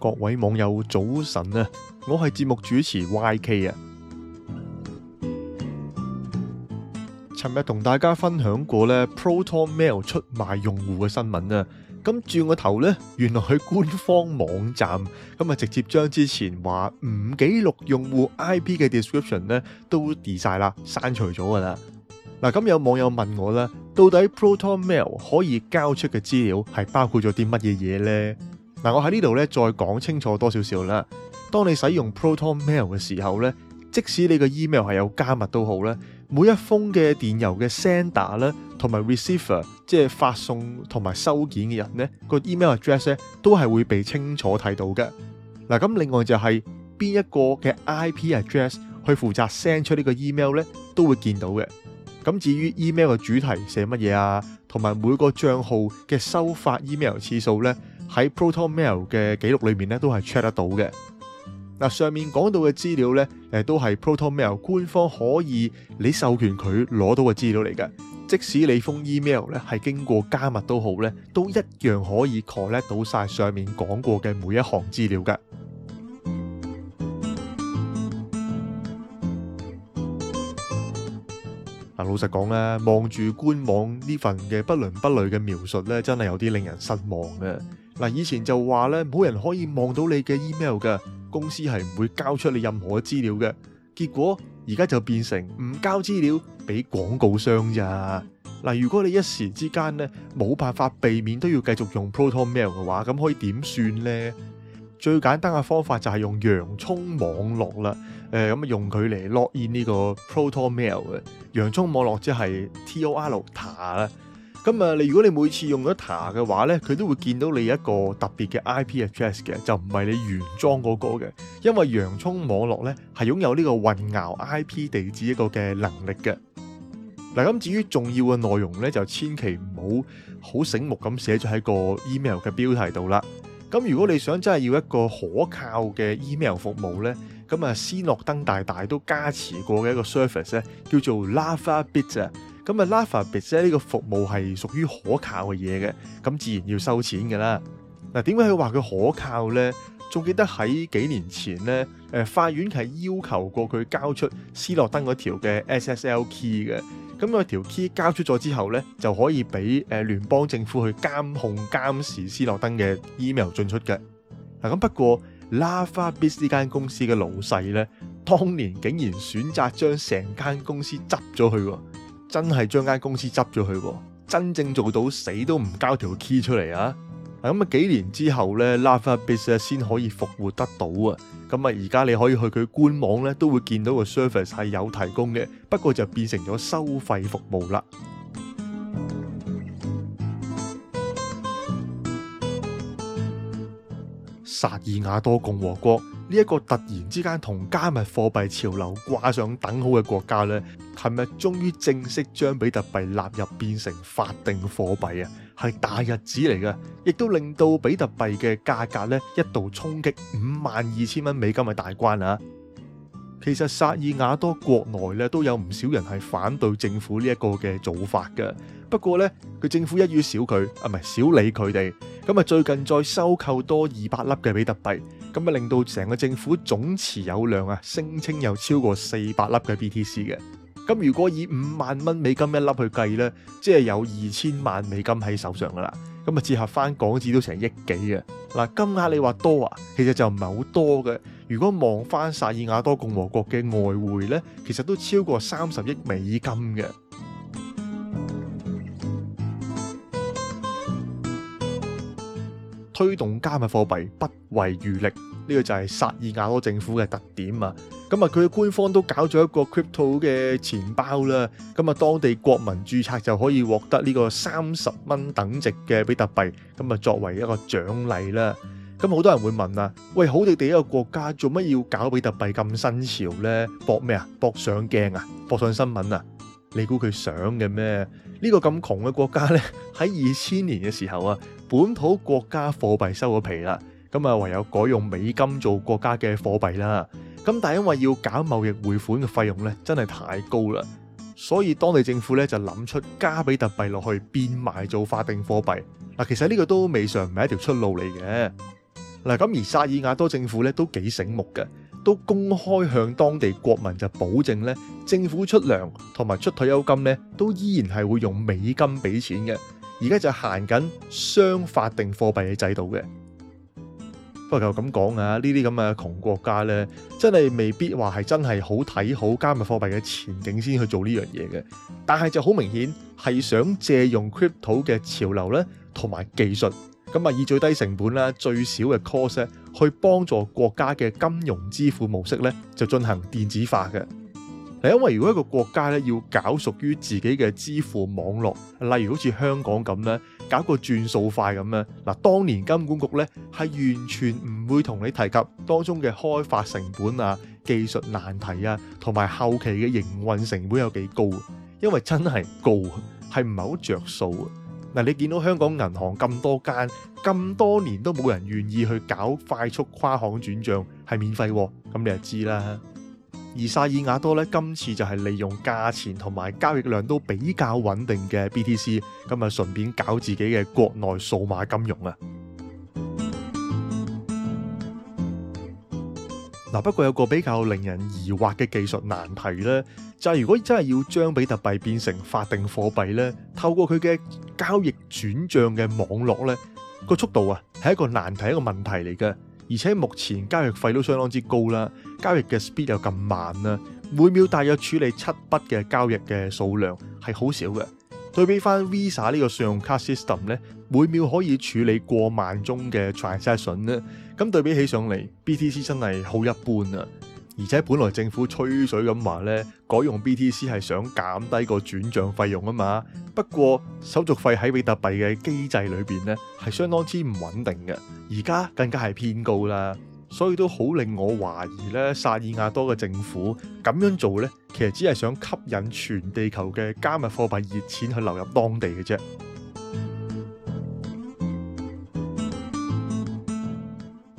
各位網友早晨啊，我係節目主持 YK 啊。尋日同大家分享過咧，Proton Mail 出賣用戶嘅新聞啊。咁轉個頭咧，原來去官方網站咁啊，直接將之前話唔記錄用戶 IP 嘅 description 咧都 delete 晒啦，刪除咗噶啦。嗱，咁有網友問我咧，到底 Proton Mail 可以交出嘅資料係包括咗啲乜嘢嘢嗱，我喺呢度咧再講清楚多少少啦。當你使用 Proton Mail 嘅時候咧，即使你個 email 係有加密都好咧，每一封嘅電郵嘅 sender 咧同埋 receiver，即係發送同埋收件嘅人咧，個 email address 咧都係會被清楚睇到嘅。嗱，咁另外就係邊一個嘅 IP address 去負責 send 出呢個 email 咧，都會見到嘅。咁至於 email 嘅主題寫乜嘢啊，同埋每個賬號嘅收發 email 次數咧。喺 ProtonMail 嘅記錄裏面咧，都係 check 得到嘅。嗱，上面講到嘅資料咧，誒都係 ProtonMail 官方可以你授權佢攞到嘅資料嚟嘅。即使你封 email 咧係經過加密都好咧，都一樣可以 collect 到晒上面講過嘅每一項資料嘅。嗱，老實講咧，望住官網呢份嘅不倫不類嘅描述咧，真係有啲令人失望嘅。嗱，以前就話咧，冇人可以望到你嘅 email 㗎，公司係唔會交出你任何資料嘅。結果而家就變成唔交資料俾廣告商咋。嗱，如果你一時之間咧冇辦法避免都要繼續用 Proton Mail 嘅話，咁可以點算呢？最簡單嘅方法就係用洋葱網絡啦。誒、呃，咁用佢嚟 login 呢個 Proton Mail 嘅。洋葱網絡即係 T O R 塔啦。咁啊！你如果你每次用咗 Tor 嘅話咧，佢都會見到你一個特別嘅 I P address 嘅，就唔係你原裝嗰個嘅，因為洋蔥網絡咧係擁有呢個混淆 I P 地址一個嘅能力嘅。嗱，咁至於重要嘅內容咧，就千祈唔好好醒目咁寫咗喺個 email 嘅標題度啦。咁如果你想真係要一個可靠嘅 email 服務咧，咁啊斯諾登大大都加持過嘅一個 service 咧，叫做 Lavabit。咁啊 Lavabit 呢個服務係屬於可靠嘅嘢嘅，咁自然要收錢噶啦。嗱，點解佢話佢可靠呢？仲記得喺幾年前呢，誒，法院係要求過佢交出斯諾登嗰條嘅 SSL key 嘅。咁嗰條 key 交出咗之後呢，就可以俾誒聯邦政府去監控、監視斯諾登嘅 email 進出嘅。嗱，咁不過 Lavabit 呢間公司嘅老細呢，當年竟然選擇將成間公司執咗佢。真係將間公司執咗佢喎，真正做到死都唔交條 key 出嚟啊！咁啊幾年之後呢，Lavabit 先可以復活得到啊！咁啊，而家你可以去佢官網呢，都會見到個 service 係有提供嘅，不過就變成咗收費服務啦。薩爾瓦多共和國呢一個突然之間同加密貨幣潮流掛上等號嘅國家呢。尋日終於正式將比特幣納入變成法定貨幣啊。係大日子嚟嘅，亦都令到比特幣嘅價格咧一度衝擊五萬二千蚊美金嘅大關啊！其實薩爾瓦多國內咧都有唔少人係反對政府呢一個嘅做法嘅，不過咧佢政府一於少佢啊，唔係少理佢哋。咁啊，最近再收購多二百粒嘅比特幣，咁啊令到成個政府總持有量啊聲稱有超過四百粒嘅 BTC 嘅。咁如果以五萬蚊美金一粒去計呢，即係有二千萬美金喺手上噶啦。咁啊折合翻港紙都成億幾嘅。嗱，金額你話多啊，其實就唔係好多嘅。如果望翻薩爾瓦多共和國嘅外匯呢，其實都超過三十億美金嘅。推動加密貨幣不遺餘力，呢個就係薩爾瓦多政府嘅特點啊！咁啊，佢嘅官方都搞咗一個 crypto 嘅錢包啦，咁啊，當地國民註冊就可以獲得呢個三十蚊等值嘅比特幣，咁啊，作為一個獎勵啦。咁好多人會問啊，喂，好地地一個國家做乜要搞比特幣咁新潮呢？搏咩啊？搏上鏡啊？搏上新聞啊？你估佢想嘅咩？呢個咁窮嘅國家呢，喺二千年嘅時候啊，本土國家貨幣收咗皮啦，咁啊，唯有改用美金做國家嘅貨幣啦。咁但係因為要搞貿易匯款嘅費用呢，真係太高啦，所以當地政府呢，就諗出加比特幣落去變賣做法定貨幣嗱。其實呢個都未嘗唔係一條出路嚟嘅嗱。咁而薩爾瓦多政府呢，都幾醒目嘅。都公開向當地國民就保證咧，政府出糧同埋出退休金咧，都依然係會用美金俾錢嘅。而家就行緊雙法定貨幣嘅制度嘅。不過就咁講啊，呢啲咁嘅窮國家咧，真係未必話係真係好睇好加密貨幣嘅前景先去做呢樣嘢嘅。但係就好明顯係想借用 Crypto 嘅潮流咧同埋技術。咁啊，以最低成本啦，最少嘅 cost 去幫助國家嘅金融支付模式咧，就進行電子化嘅。嗱，因為如果一個國家咧要搞屬於自己嘅支付網絡，例如好似香港咁咧，搞個轉數快咁咧，嗱，當年金管局咧係完全唔會同你提及當中嘅開發成本啊、技術難題啊，同埋後期嘅營運成本有幾高，因為真係高，係唔係好着數啊？你見到香港銀行咁多間，咁多年都冇人願意去搞快速跨行轉賬係免費喎，咁你就知啦。而薩爾瓦多咧，今次就係利用價錢同埋交易量都比較穩定嘅 BTC，咁啊順便搞自己嘅國內數碼金融啊。嗱，不過有個比較令人疑惑嘅技術難題咧。就係如果真係要將比特幣變成法定貨幣呢，透過佢嘅交易轉賬嘅網絡呢，個速度啊係一個難題，一個問題嚟嘅。而且目前交易費都相當之高啦，交易嘅 speed 又咁慢啦、啊，每秒大約處理七筆嘅交易嘅數量係好少嘅。對比翻 Visa 呢個信用卡 system 呢，每秒可以處理過萬宗嘅 transaction 呢，咁對比起上嚟，BTC 真係好一般啊。而且本來政府吹水咁話咧，改用 BTC 係想減低個轉賬費用啊嘛。不過手續費喺比特幣嘅機制裏邊咧，係相當之唔穩定嘅，而家更加係偏高啦。所以都好令我懷疑咧，薩爾瓦多嘅政府咁樣做咧，其實只係想吸引全地球嘅加密貨幣熱錢去流入當地嘅啫。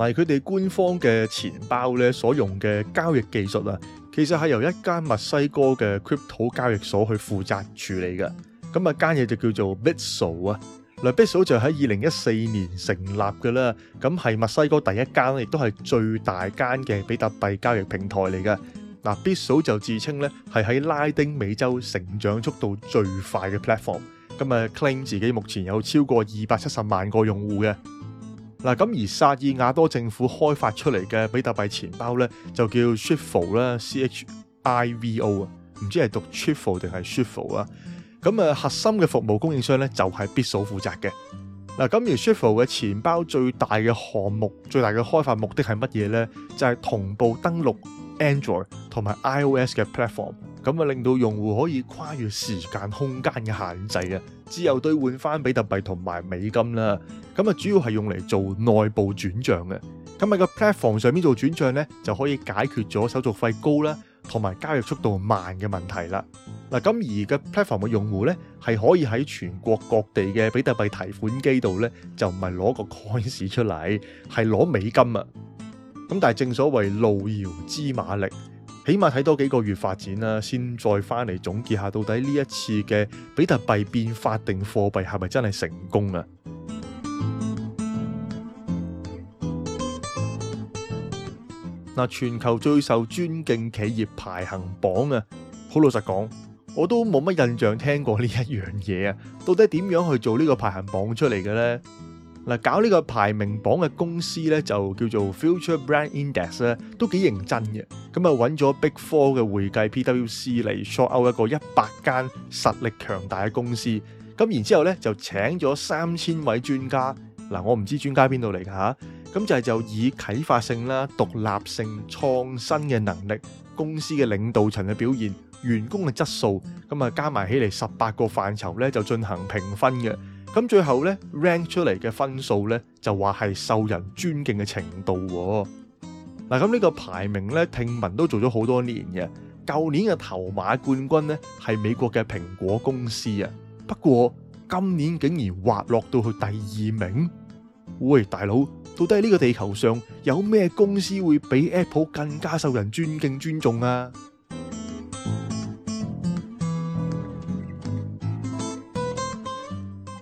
埋佢哋官方嘅錢包咧，所用嘅交易技術啊，其實係由一間墨西哥嘅 crypto 交易所去負責處理嘅。咁啊，間嘢就叫做 Bitso 啊。嗱，Bitso 就喺二零一四年成立嘅啦。咁係墨西哥第一間，亦都係最大間嘅比特幣交易平台嚟嘅。嗱，Bitso 就自稱咧係喺拉丁美洲成長速度最快嘅 platform。咁啊，claim 自己目前有超過二百七十萬個用戶嘅。嗱，咁而薩爾瓦多政府開發出嚟嘅比特幣錢包咧，就叫 Shiftful 啦，C H I V O 啊，唔知係讀 Shiftful 定係 Shiftful 啊。咁啊，核心嘅服務供應商咧就係必須負責嘅。嗱，咁而 Shiftful 嘅錢包最大嘅項目、最大嘅開發目的係乜嘢咧？就係、是、同步登錄。Android 同埋 iOS 嘅 platform，咁啊令到用戶可以跨越時間空間嘅限制嘅，自由兌換翻比特幣同埋美金啦。咁啊主要係用嚟做內部轉帳嘅。咁喺個 platform 上面做轉帳咧，就可以解決咗手續費高啦，同埋交易速度慢嘅問題啦。嗱，咁而個 platform 嘅用戶咧，係可以喺全國各地嘅比特幣提款機度咧，就唔係攞個 coins 出嚟，係攞美金啊。咁但係正所謂路遙知馬力，起碼睇多幾個月發展啦，先再翻嚟總結下，到底呢一次嘅比特幣變法定貨幣係咪真係成功啊？嗱，全球最受尊敬企業排行榜啊，好老實講，我都冇乜印象聽過呢一樣嘢啊，到底點樣去做呢個排行榜出嚟嘅呢？嗱，搞呢個排名榜嘅公司呢，就叫做 Future Brand Index 咧，都幾認真嘅。咁啊，揾咗 Big Four 嘅會計 PwC 嚟 short out 一個一百間實力強大嘅公司。咁然之後呢，就請咗三千位專家。嗱，我唔知專家邊度嚟㗎吓。咁就係、是、就以啟發性啦、獨立性、創新嘅能力、公司嘅領導層嘅表現、員工嘅質素，咁啊加埋起嚟十八個範疇呢就進行評分嘅。咁最後呢，rank 出嚟嘅分數呢，就話係受人尊敬嘅程度喎。嗱，咁呢個排名呢，聽聞都做咗好多年嘅啊。舊年嘅頭馬冠軍呢，係美國嘅蘋果公司啊，不過今年竟然滑落到去第二名。喂，大佬，到底呢個地球上有咩公司會比 Apple 更加受人尊敬尊重啊？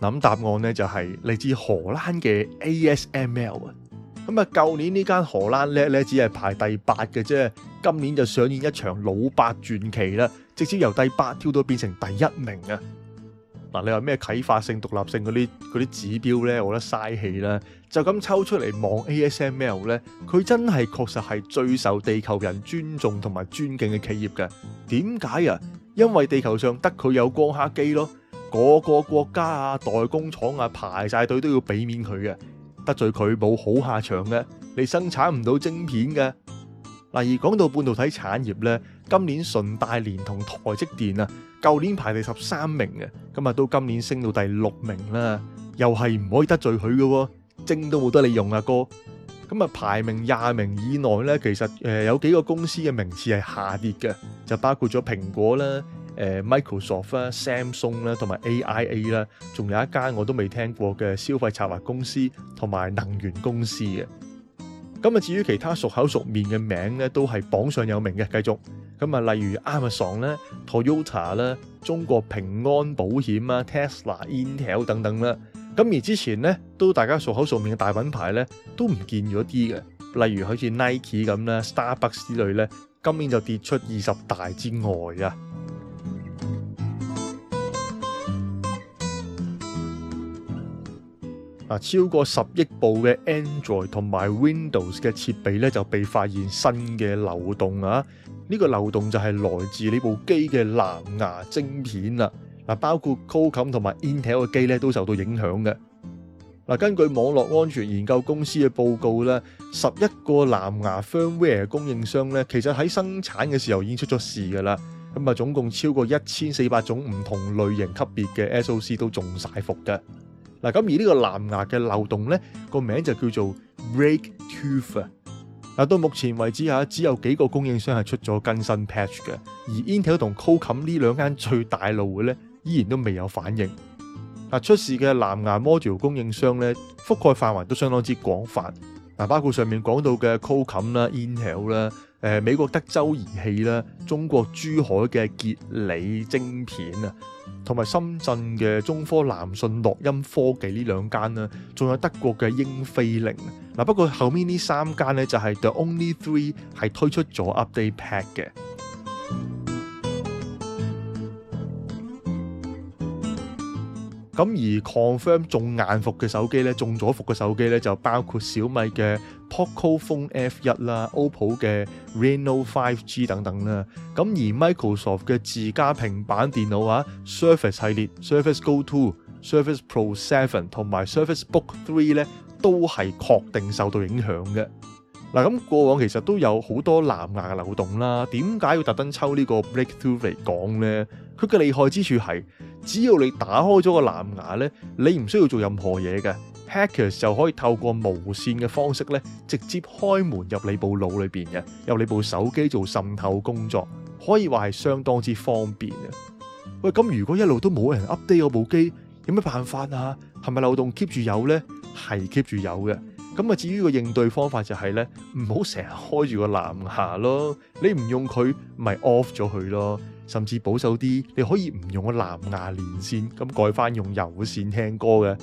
諗答案呢就係嚟自荷蘭嘅 ASML 啊，咁啊舊年呢間荷蘭叻咧只係排第八嘅啫，今年就上演一場老八傳奇啦，直接由第八跳到變成第一名啊！嗱，你話咩啟發性、獨立性嗰啲啲指標呢？我覺得嘥氣啦，就咁抽出嚟望 ASML 呢。佢真係確實係最受地球人尊重同埋尊敬嘅企業嘅。點解啊？因為地球上得佢有，有光刻機咯。嗰個個國家啊，代工廠啊，排晒隊都要俾面佢嘅，得罪佢冇好下場嘅，你生產唔到晶片嘅。嗱，而講到半導體產業呢，今年順大連同台積電啊，舊年排第十三名嘅，今日都今年升到第六名啦，又係唔可以得罪佢嘅，晶都冇得你用啊哥。咁啊，排名廿名以內呢，其實誒有幾個公司嘅名次係下跌嘅，就包括咗蘋果啦。誒 Microsoft 啦、Samsung 啦，同埋 AIA 啦，仲有一間我都未聽過嘅消費策劃公司，同埋能源公司嘅。咁啊，至於其他熟口熟面嘅名咧，都係榜上有名嘅。繼續咁啊，例如 Amazon 啦、Toyota 啦、中國平安保險啊、Tesla、Intel 等等啦。咁而之前咧，都大家熟口熟面嘅大品牌咧，都唔見咗啲嘅，例如好似 Nike 咁啦、Starbucks 之類咧，今年就跌出二十大之外啊。嗱，超過十億部嘅 Android 同埋 Windows 嘅設備咧，就被發現新嘅漏洞啊！呢個漏洞就係來自呢部機嘅藍牙晶片啦。嗱，包括 Qualcomm 同埋 Intel 嘅機咧，都受到影響嘅。嗱，根據網絡安全研究公司嘅報告咧，十一個藍牙 firmware 供應商咧，其實喺生產嘅時候已經出咗事噶啦。咁啊，總共超過一千四百種唔同類型級別嘅 SOC 都中晒伏嘅。嗱，咁而呢個藍牙嘅漏洞呢個名就叫做 BrakTooth 嗱，到目前為止啊，只有幾個供應商係出咗更新 patch 嘅，而 Intel 同 Qualcomm 呢兩間最大路嘅呢，依然都未有反應。嗱，出事嘅藍牙 module 供應商呢，覆蓋範圍都相當之廣泛，嗱，包括上面講到嘅 Qualcomm 啦、Intel 啦、誒美國德州儀器啦、中國珠海嘅傑理晶片啊。同埋深圳嘅中科藍訊、樂音科技呢兩間呢，仲有德國嘅英飛凌。嗱，不過後面呢三間呢，就係 The Only Three 係推出咗 Update Pack 嘅。咁而 Confirm 中眼伏嘅手機呢，中咗伏嘅手機呢，就包括小米嘅。Poco Phone F1 啦，OPPO 嘅 Reno 5G 等等啦。咁而 Microsoft 嘅自家平板電腦啊，Surface 系列，Surface Go 2、Surface Pro 7同埋 Surface Book 3咧，都係確定受到影響嘅。嗱，咁過往其實都有好多藍牙嘅漏洞啦。點解要特登抽呢個 breakthrough 嚟講呢？佢嘅厲害之處係，只要你打開咗個藍牙呢，你唔需要做任何嘢嘅。Hackers 就可以透過無線嘅方式咧，直接開門入你部腦裏面嘅，由你部手機做滲透工作，可以話係相當之方便嘅。喂，咁如果一路都冇人 update 我部機，有咩辦法啊？係咪漏洞 keep 住有呢？係 keep 住有嘅。咁啊，至於個應對方法就係、是、咧，唔好成日開住個藍牙咯，你唔用佢咪 off 咗佢咯。甚至保守啲，你可以唔用個藍牙連線，咁改翻用有線聽歌嘅。